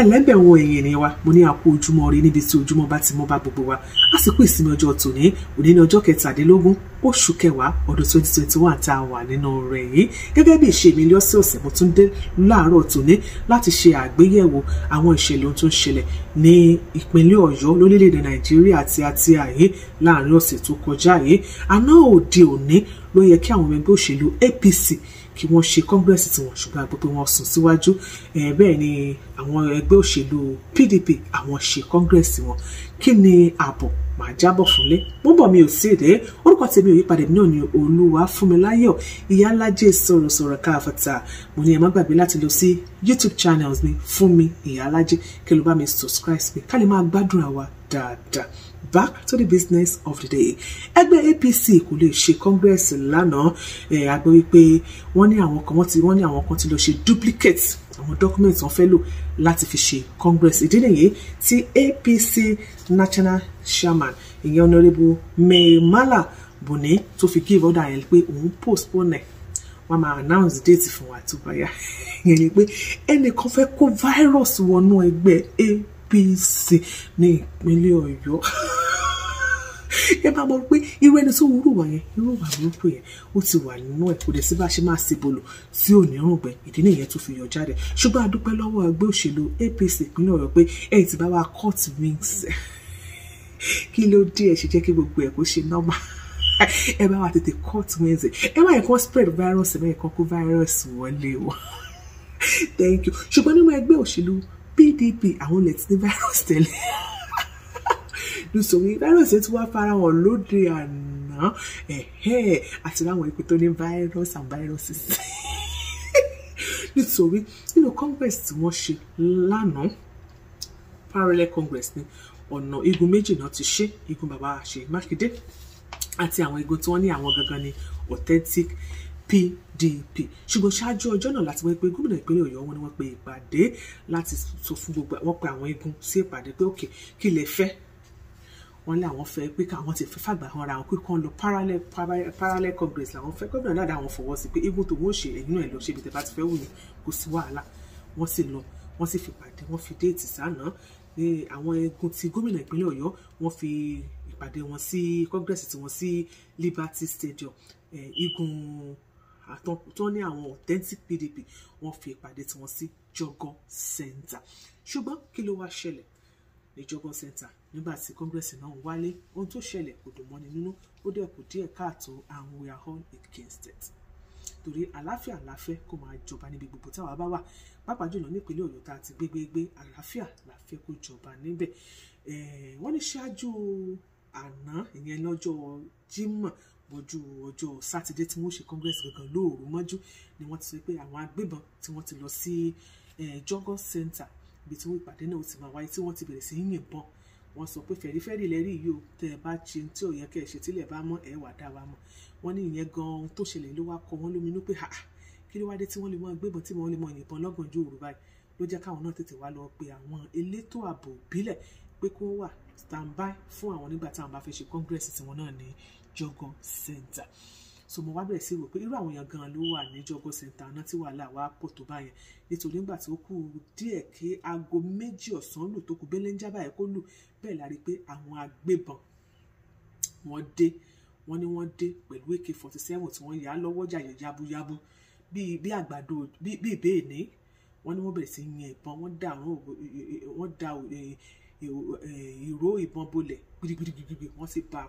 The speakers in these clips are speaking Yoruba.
ẹlẹ́bẹ̀ wo ẹ̀yin ènìyàn wa mo ní àpò ojúmọ́ ire níbi tí ojúmọ́ bá ti mọ́ bá gbogbo wa àsìkò ìsinmi ọjọ́ tòní òní ní ọjọ́ kẹtàdínlógún oṣù kẹwàá ọdún twenty twenty one tá a wà nínú rẹ̀ yìí gẹ́gẹ́ bí ìṣe mi lọ́sọ̀ọ̀sẹ̀ mo tún dé láàárọ̀ tòní láti ṣe àgbéyẹ̀wò àwọn ìṣẹ̀lẹ̀ ohun tó ń ṣẹlẹ̀ ní ìpínlẹ̀ ọ̀yọ́ lórílẹ̀‐èdè nàìjíríà àti àti àyè láàárín ọ̀sẹ̀ tó kọjá yìí àná òde òní ló yẹ kí àwọn ọmọ ẹgbẹ́ òṣèlú APC kí wọ́n ṣe kọ́ngrẹ́sì tiwọn ṣùgbọ́n a gbọ́ pé síwájú bẹ́ẹ̀ ni àwọn ẹgbẹ́ òṣèlú PDP àwọn ṣe kọ́ngrẹ́sì wọn kí ni ààbọ̀ màá jábọ̀ fúnlé mo bọ̀ mi ò sí rẹ̀ orúkọ tèmi ò yípadà náà ni olúwa fúnmiláyọ̀ ìyálájẹ sọ̀rọ̀sọ̀rọ̀ káfàtà mo ní ẹ má gbàgbé láti lọ sí youtube channels mi fún mi ìyálájẹ kí ló bá mi subscribe sí mi ká lè máa gbádùn àwa dáadáa back to the business of the day ẹgbẹ́ APC kò lè ṣe congress lánàá ẹ̀ a gbọ́ wípé wọ́n ní àwọn kan wọ́n ti wọ́n ní àwọn kan ti lọ ṣe duplicate àwọn documents wọ́n fẹ́ lò láti fi ṣe congress ìdí nìyí tí APC national chairman ìyẹn honourable Maimala Buni tó fi give order yẹn pé òun postpone wọn máa announce date fún wa tó bá yá ìyẹn ni pé ẹnìkan fẹ́ kó virus wọnú ẹgbẹ́ APC APC ní ìpínlẹ̀ Ọ̀yọ́ ẹ bá mọ̀ pé irú ẹni tó wúrò wà yẹn irú wà burúkú yẹn ó ti wà nínú ẹ̀ kò dẹ̀ sí bá a ṣe máa síbolò tí ò ní rùngbẹ ìdí nìyẹn tó fi yọ jáde ṣùgbọ́n a dúpẹ́ lọ́wọ́ òṣèlú APC ìpínlẹ̀ Ọ̀yọ́ pé ẹ ti bá wa cut wings kí ló dé ẹ ṣe jẹ́ kí gbogbo ẹ̀ kó ṣe normal ẹ bá wa tètè cut wings ẹ má yẹ kó spread virus ẹ má yẹ kó kó virus wọlé o thank you ṣùgbọ́n nínú ẹgbẹ́ òṣèlú PDP àwọn ilẹ̀ ti ní virus tẹ́lẹ̀ lùsùnmí virus yẹn ti wá farahàn lóde àná àti láwọn ìpè tó ní virus and viruses nítorí nínú congress tí wọ́n ṣe lánàá parallel congress ni ọ̀nà igun méjì náà ti ṣe igun bàbá ṣe mákindé àti àwọn igun tí wọ́n ní àwọn gangan ni authentic PDP ṣùgbọ́n ṣáájú ọjọ́ náà láti wọ́n pé gómìnà ìpínlẹ̀ Ọ̀yọ́ wọn ni wọ́n pe ìpàdé láti sọ fún gbogbo wọ́n pe àwọn igun sí ìpàdé pé òkè kí lè fẹ́ wọ́n lé àwọn fẹ́ pé káwọn ti fẹ́ fàgbà hàn ra àwọn pé kàn lọ parallel parallel congress làwọn fẹ́ gómìnà náà dáwọn fọwọ́ sí pé igun tòun ò ṣe ẹ̀yìn náà lọ ṣe ibi tẹ́ bá ti fẹ́ wù ní kò sí wàhálà wọ́n sì lọ wọ́n sì fi pàdé wọ́n fi déètì sáànà àwọn igun ti gómìnà ìpínlẹ̀ Ọ̀yọ́ wọ́n fi ìpàdé wọn sí congress tiwọn sí Liberty Stadium igun. Eh, tó ní àwọn authentic PDP wọ́n fi ìpàdé tiwọn sí Jọgọ Center ṣùgbọ́n kí ló wá ṣẹlẹ̀ ní Jọgọ Center nígbà tí congress náà ń wálé ohun tó ṣẹlẹ̀ kò dùn mọ́ni nínú ó dẹ̀ kù díẹ̀ káàtó and we are all against it torí àlàáfíà àlàáfẹ́ kó máa jọba níbi gbogbo táwa bá wà pàápàá jùlọ nípínlẹ̀ Ọ̀yọ́ tá a ti gbégbégbé àlàáfíà àlàáfẹ́ kó jọba níbẹ̀ wọ́n ní ṣáájú àná ìyẹn lọ́jọ́ Jímọ̀ bọ́jú ọjọ́ sátidé tí wọ́n ṣe congress gangan lóòrú mọ́jú ni wọ́n ti sọ pé àwọn agbébọn tí wọ́n ti lọ sí Jungle center ibi tí wọ́n ìpàdé náà ti máa wáyé tí wọ́n ti bẹ̀rẹ̀ sí í yìnbọn wọ́n sọ pé fẹ̀rífẹ̀rí lẹ́rí yìí o tẹ́ ẹ bá ṣe tí ò yẹ kẹ́ ẹ ṣe tílẹ̀ bá mọ́ ẹ wà dá wa mọ̀ wọ́n ní ìyẹn gan-an tó ṣẹlẹ̀ ló wá kọ wọ́n lóminú pé ha kí ló wá dé tí wọ́n lè mọ gbébọn tí wọ́n lè mọ yìnbọn lọ́gànjọ́ òru báyìí ló jẹ́ káwọn náà tètè wá lọ pe àwọn elétò ààbò ìbílẹ̀ pé kí wà stand by fún àwọn nígbà táwọn bá fẹ́ ṣe congress tiwọn náà ní Jogo Center so mo wá bẹ̀rẹ̀ sí rò pé irú àwọn èèyàn gan-an ló wà ní Jọgọ Center náà tí wàhálà wa pọ̀ tó báyẹn nítorí nígbà tí ó kù díẹ̀ kí aago méjì ọ̀sán lù tó kù bẹ́lẹ́ ń jábàá ẹ̀ kó lù bẹ́ẹ̀ la rí i pé àwọn agbébọn wọ́n dé wọ́n ní wọ́n dé pẹ̀lú AK forty seven tí wọ́n yà á lọ́wọ́ jàyè yabuyabu bíi bíi àgbàdo bíi ìbéèní wọ́n ní wọ́n bẹ̀rẹ̀ sí yin ìbọn wọ́n da ìró ìbọn bolẹ̀ gbìdìgbìdìgbìdì wọ́n sì ba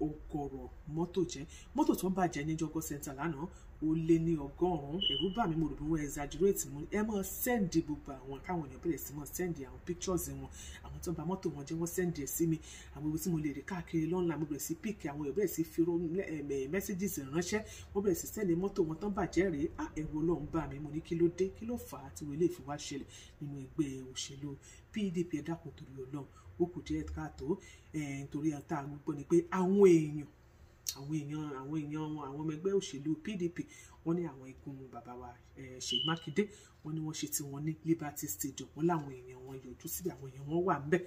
ọ̀gọ̀rọ̀ mọ́tò jẹ́ mọ́tò tó ń bàjẹ́ ní jọgọ́ center lánàá ó lé ní ọgọ́rùn-ún ẹ̀rú bà mí mo rò bí wọ́n exaggerate mú ẹ mọ́ sẹ́ǹdì gbogbo àwọn káwọn èèyàn bẹ̀rẹ̀ sí mọ́ sẹ́ǹdì àwọn pictures wọn àwọn tó ń ba mọ́tò wọn jẹ́ wọ́n sẹ́ǹdì ẹ̀ sí mi àwọn ibi tí mo lè rí káàkiri lọ́nà mo bẹ̀rẹ̀ sí píìkì àwọn èèyàn bẹ̀rẹ̀ sí fi messages ránṣẹ́ wọ́n bẹ̀rẹ̀ sí sẹ́ǹdì mọ́tò wọn tán bàjẹ́ rèé à ẹ̀rù ọlọ́run bà mí mo ní kí ló dé kí ló fà á tí wọ́n ilé ìfiwá ṣẹlẹ̀ nínú ẹgbẹ́ òṣèlú PDP ẹ̀dá kò torí ọlọ́run ó kù díẹ̀ káàtó eh, nítorí ọ̀tá àgbọ̀gbọ́ ni pé àwọn èèyàn àwọn èèyàn àwọn èèyàn wọn àwọn ọmọ ẹgbẹ́ òṣèlú PDP wọ́n ní àwọn igun bàbá wa Ṣèyí eh, Mákindé wọ́n ní wọ́n ṣe ti wọn ní Liberty Stadium wọ́n láwọn èèyàn wọn yọjú síbi àwọn èèyàn wọn wà ńbẹ̀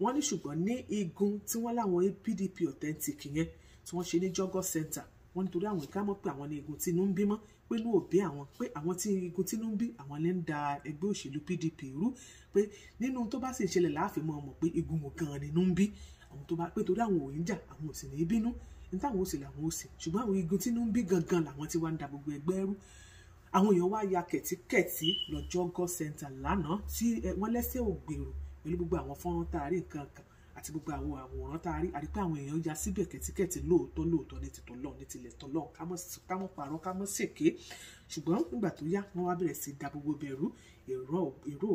wọ́n ní ṣùgbọ́n ní igun tí wọ́n láwọn PDP authentic yẹn tí wọ́n ṣe ní Jogor Center wọ́n nítorí àwọn ìka mọ̀ pé àwọn ni igun tínú ń bí mọ́ pé inú òbí àwọn pé àwọn tí igun tínú ń bí àwọn lè ń da ẹgbẹ́ òṣèlú PDP rú pé nínú tó bá sì ń ṣẹlẹ̀ láàfin mọ́ ọmọ pé igun wò gan-an nínú ń bí àwọn tó bá pé torí àwọn òyìn jà àwọn ò sì ní bínú ní táwọn ò sì làwọn ò sì ṣùgbọ́n àwọn igun tínú ń bí gangan làwọn ti wá ń da gbogbo ẹgbẹ́ rú àwọn èèyàn wá ya kẹ̀tíkẹ̀tí lọ́jọ́ God Center lánàá tí wọ́n lẹ́sẹ̀ ògbèrò pẹ̀lú gbogbo àwọn fọ́nrán tá a rí nǹkan kan àti gbogbo àwọn àwòrán tá a rí àrí pé àwọn èèyàn ya síbẹ̀ kẹ̀tíkẹ̀tí lóòótọ́ lóòótọ́ ní tìtọ́ lọ́hùn ní tilẹ̀ tọ́ lọ́hùn ká mọ́ parọ́ ká mọ́ ṣèké ṣùgbọ́n nígbà tó yá wọ́n wá bẹ̀rẹ̀ sí da gbogbo bẹ̀rú èrò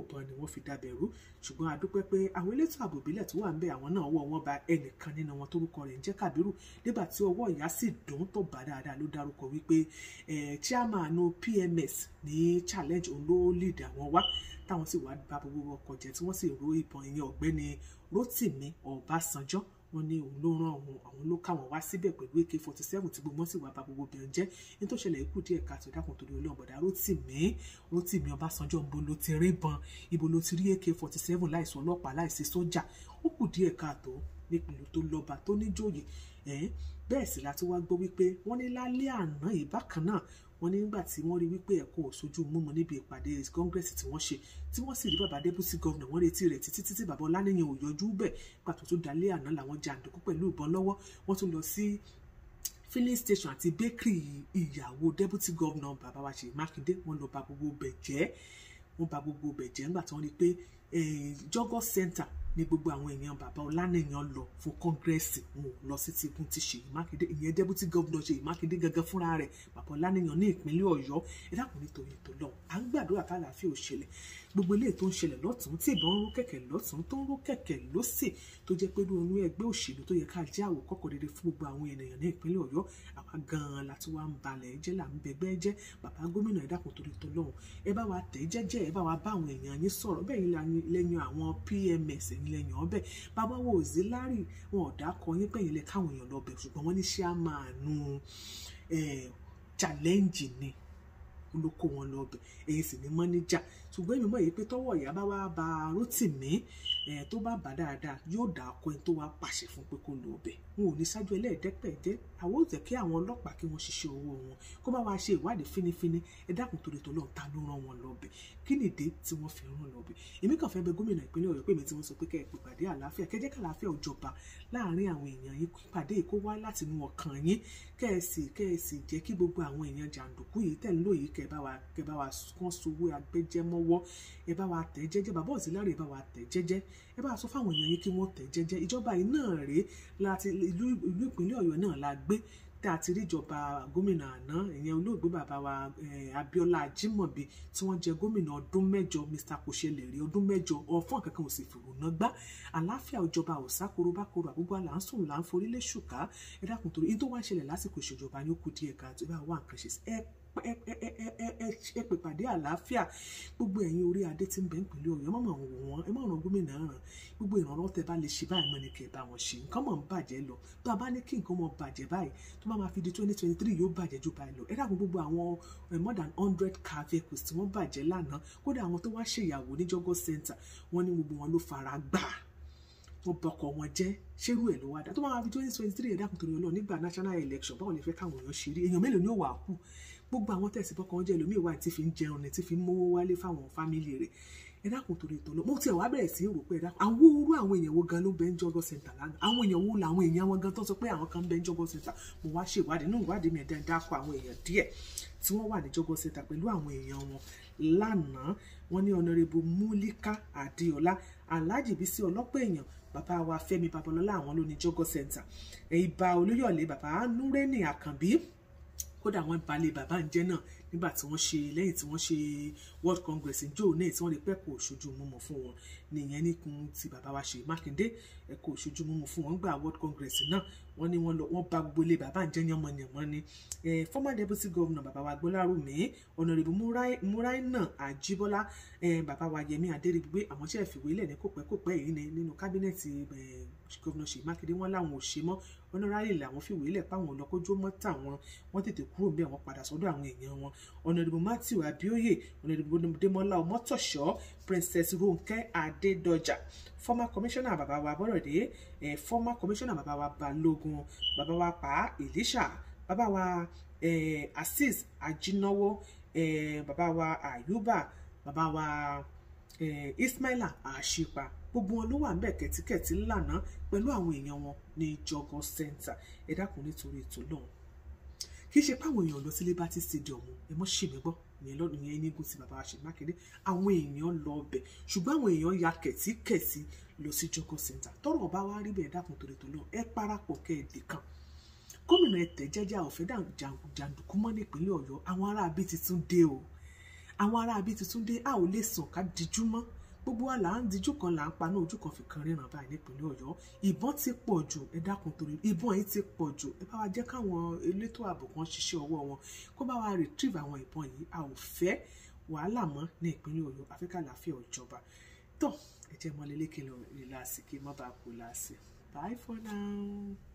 ògbọ́n ni wọ́n fi da bẹ̀rú ṣùgbọ́n a dúpẹ́ pé àwọn elétò ààbò ìbílẹ̀ tó wà ń bẹ àwọn náà wọ́ wọ́n ba ẹnìkan nínú wọn tórúkọ rẹ̀ ń jẹ́ Kàbírù nígbà tí ọwọ́ ìyá sì dùn tó bá dáadáa ló dárúkọ wípé chairman PMS ní challenge òun ló lead àwọn wá táwọn sì wá bà gbogbo ọkọ̀ jẹ́ tí wọ́n sì ro ìbọn ìyẹn ọ̀gbẹ́ni Rótìmí Ọbásanjọ́ wọ́n ní òun ló rán òun àwọn ló káwọn wá síbẹ̀ pẹ̀lú ak forty seven tí gbogbo wọn sì wá bà gbogbo obìnrin jẹ́ ní tó ṣẹlẹ̀ ikú díẹ̀ ká tó dákun torí olóhùn bọ̀dá Rótìmí Rótìmí Ọbásanjọ́ ibo ló ti rí bọn ibo ló ti rí ak forty seven láìsí ọlọ́pàá láìsí sójà ó kù díẹ̀ ká tó nípìnlẹ̀ tó lọ́ba tó níjòyè bẹ́ẹ̀ sì la tún wá gbọ́ wípé wọ́n ní lálẹ́ àná yìí bákan náà wọ́n ní nígbà tí wọ́n rí wípé ẹ̀kọ́ òṣojú múmu níbi ìpàdé kọ́ngẹ́sì tí wọ́n ṣe tí wọ́n sì rí bàbá débùsì gọ́vnà wọ́n retí rẹ̀ títí títí bàbá ọláníyàn ò yọjú bẹ̀ pàtó tó dalẹ́ àná làwọn jàǹdùkú pẹ̀lú ìbọn lọ́wọ́ wọ́n tún lọ sí filling station àti bakery ìyàwó deputy governor bàbá wa Ṣèyí Mákindé wọ́n lọ bà gbogbo bẹ̀ jẹ́ wọ́n bà gbogbo bẹ̀ jẹ́ nígbà tí wọ́n rí pé jọgọ center ní gbogbo àwọn èèyàn bàbá ọlánìyàn lọ fún kọ́ngírẹ́sì wọn lọ sí ti igun ti ṣèyí mákindé ìyẹn deputy governor ṣèyí mákindé gangan fúnra rẹ̀ bàbá ọlánìyàn ní ìpínlẹ̀ ọ̀yọ́ ẹ dákun nítorí ètò lọ à ń gbàdúrà kálàáfíà ò ṣẹlẹ̀ gbogbo eléyìí tó ń ṣẹlẹ̀ lọ́tún tí ìbọn ń rú kẹ̀kẹ́ lọ́tún tó ń rú kẹ̀kẹ́ lọ́sì tó jẹ́ pé lóun ẹgbẹ́ òṣèlú tó yẹ ká jẹ́ àwòkọ́kọ̀ rere fún gbogbo àwọn ènìyàn ní ìpínlẹ̀ ọ̀yọ́ àwa gan-an la ti wá ń balẹ̀ ẹjẹ́ là ń bẹgbẹ́ ẹjẹ́ bàbá gómìnà ẹ dákun torí tọ́lọ́hún ẹ bá wa tẹ̀ jẹ́jẹ́ ẹ bá wa bá àwọn èèyàn yín sọ̀rọ̀ bẹ́ẹ̀ ni lẹ́yìn àwọn PMS ẹ̀yìn lẹ́yìn ọbẹ̀ bàbá wo Auxiliary wọn ò dákọ yín pẹ̀yìn lẹ káwọn èèyàn lọ bẹ̀ ṣùgbọ́n wọ́n ní ṣé á máa nu challenge ni ló kó wọn lọ bẹ̀ ẹ̀yin sì ni mọ́níjà ṣùgbọ́n èmi mọ̀ yìí pé tọ́wọ́ ìyá bá wá ba Rótìmí ẹ̀ tó bá bà dáadáa yóò dà á kọ ẹni tó wá pàṣẹ fún pé kó lọ bẹ̀ wọn ò ní ṣáájú ẹlẹ́ẹ̀dẹ́gbẹ̀jẹ́ àwọn ò jẹ́ kí àwọn ọlọ́pàá kí wọ́n ṣiṣẹ́ owó wọn kó bá wa ṣe ìwádìí fínífíní ẹ dákun torí tó lọ́ọ̀ta ló rán wọn lọ bẹ̀ kí nìdí tí wọ́n fi rán lọ bẹ̀ èmi kàn fẹ́ bẹ̀ gómìnà ìpínlẹ̀ Ọ̀yọ́ pé mi tí wọ́n sọ pé kẹ́ ẹ pèpàdé àlàáfíà kẹ́jẹ́ kàlàáfíà ò jọba láàárín àwọn èèyàn yín pàdé kó wá látinú ọkàn yín kẹ́ ẹ sì kẹ́ ẹ sì jẹ́ kí gbogbo àwọn èèyàn jàǹdùkú yìí tẹ̀ kẹ bá wa kẹ bá wa kán sowó agbẹjẹ ẹ bá wa tẹ̀ jẹ́jẹ́ bàbá Ọ̀sìnlárí ẹ bá wa tẹ̀ jẹ́jẹ́ ẹ bá wa sọ fáwọn èèyàn yín kí wọ́n tẹ̀ jẹ́jẹ́ ìjọba yìí náà rèé láti ìlú ìpínlẹ̀ Ọ̀yọ́ náà la gbé tá a rí ìjọba gómìnà àná ìyẹn olóògbé bàbá wa Abíọ́lá Ajímọ̀bí tí wọ́n jẹ gómìnà ọdún mẹ́jọ Mr kòṣẹlẹ̀rí ọdún mẹ́jọ ọfọ́n kankan ò sì fòrònà gbá àláfíà ìjọba òsákoro bákoro àgbógbó àlà ń sùn là ń forí lé ṣùkà ẹ dákun torí ní wá ń ṣẹlẹ̀ lásìkò ìṣèjọba ni ó kù díẹ̀ ká tó bá wà nǹkan ṣe ẹ ẹ pè pàdé àlàáfíà gbogbo ẹ̀yin orí adé tí ń bẹ ń pẹ̀lú ọ̀yọ́ mọ̀mọ́ àwọn wọn ẹ má ràn gómìnà ràn gbogbo ìrànlọ́wọ́ tẹ bá lè ṣe báyìí mọ́ ni kẹ́ bá wọn ṣe nǹkan mọ̀ ń bàjẹ́ lọ tó a bá ní kí nǹkan mọ̀ bàjẹ́ báyìí tó bá máa fi di twenty twenty three yóò bàjẹ́ ju báyìí lọ ẹ dàgbọ́ gbogbo àwọn more than hundred car vehicles tí wọ́n bàjẹ́ lánàá kódà àwọn tó wá ṣèyàwó ní jọgọ́ center wọ́n ní gbogbo wọn ló fara gbà wọn bọkọ wọn jẹ ṣerú ẹ ló wá dá tó máa fi twenty twenty three ẹ̀dá kùtùrú ọlọ́ọ̀ nígbà national election báwo lè fẹ́ káwọn èèyàn ṣe rí èèyàn mélòó ni ó wà á kù gbogbo àwọn tẹ̀sí bọ́kàn jẹ́ lómi ìwà tí fi ń jẹun ni tí fi ń mówó wálé fáwọn fámìlì rẹ̀ ẹ dákun torí ìtọ́lọ́ mo tiẹ̀ wá bẹ̀rẹ̀ sí rò pé ẹ dákun àwọn orú àwọn èèyàn wo gan ló bẹ ń jọgọ sẹ̀ńtà lánàá àwọn èèyàn wo làwọn èèyàn wọn gan tó sọ pé àwọn kan bẹ ń jọgọ sẹ̀ńtà mo wá ṣèwádìí nínú ìwádìí mi ẹ̀dá dákọ̀ àwọn èèyàn díẹ̀ tí wọ́n wà ní jọgọ sẹ̀ńtà pẹ̀lú àwọn èèyàn wọn lánàá wọ́n ní ọ̀nàrẹ́bù múlíkà àdìọ́lá aláàjì bísí ọlọ́pàá èèyàn bàbá wa fẹ́mi babalọ́lá àwọn ló ní jọgọ sẹ̀ńtà ìbà olóyọ̀lé bàbá núrẹ́nì àkànbí kódà wọ́n bà lé bàbá ń jẹ́ náà nígbà tí wọ́n ṣe lẹ́yìn tí wọ́n ṣe world congress ní joe náà tí wọ́n lè pẹ́kọ̀ọ́ ṣojú mọ́mọ́ fún wọn nìyẹn níkun tí bàbá wa ṣe mákindé ẹ kò ṣojúmọ́ mu fún wọn gba world congress náà wọ́n ní wọ́n lọ wọ́n ba gbogbo ilé bàbá ń jẹ́ yánmọ́yánmọ́ ni former deputy governor bàbá wa gbọ́lárùmí ọ̀nàrẹ́bù muraina àjíbọ́lá bàbá wa yẹmí adẹ́rẹ́gbẹ́ àwọn tí ẹ̀ fìwé lẹ̀ ní kòpẹ́kòpẹ́ yìí ni nínú kábínẹ̀tì gọ́vnà ṣèyí mákindé wọn làwọn ò ṣe mọ́ ọ̀nàrẹ́lẹ̀ làwọn fìwé lẹ̀ páwọn ọlọ́kọ́jọ́ mọ́ tàwọn wọ́n tètè kúrò bí àwọn padà sọ́dọ̀ àwọn èèyàn wọn ọ̀nàrẹ́bù matthew abioye ọ̀nàrẹ́bù demola ọmọtọ̀ṣọ́ princess ronke adedoja former commissioner bàbá wa eh, former commissioner bàbá wa balógun bàbá pa elisha bàbá wa eh, azeez ajinawo eh, bàbá ayuba bàbá wa eh, ismaila àṣìpa gbogbo wọn ló wà ńbẹ̀ kẹtíkẹtí lánàá pẹ̀lú àwọn èèyàn wọn ní jọgọ center ẹ dákun nítorí ètò náà kì í ṣe páwọn èèyàn lọ sí liberty stadium ẹ mọ ṣèmí ìyẹn lọ́dún yẹn Enugu ti bàbá wa Ṣèyí Mákindé àwọn èèyàn lọ ọbẹ̀ ṣùgbọ́n àwọn èèyàn ya kẹ̀tíkẹ̀tí lọ sí Joko Center tọ́rọ̀ bá wá rí bẹ́ẹ̀ dákun torí tó lọ ẹ parapọ̀ kẹ́ẹ̀dẹ̀ kan gómìnà ẹ̀tẹ̀ jẹ́jẹ́ àwọ̀fẹ́ jàǹdùkú mọ́ nípínlẹ̀ Ọ̀yọ́ àwọn aráabí ti dé o àwọn aráabí ti dé a ò lè sàn ká dijú mọ́ gbogbo wa là ń dijú kan là ń paná ojú kan fi kan ríran báyìí nípínlẹ̀ ọ̀yọ́ ìbọn ti pọ̀ jù ẹ dákun torí ìbọn yìí ti pọ̀ jù ẹ bá wa jẹ́ káwọn elétò ààbò kan ṣiṣẹ́ ọwọ́ wọn kó bá wa retrieve àwọn ìbọn yìí a ò fẹ́ wàhálà mọ́ ní ìpínlẹ̀ ọ̀yọ́ afẹ́ká làáfíà ọ̀jọba tó ẹ jẹ́ mọ́lẹ́lẹ́kẹ́ lọ rí láàsì kí má bàa kú láàsì bye for now.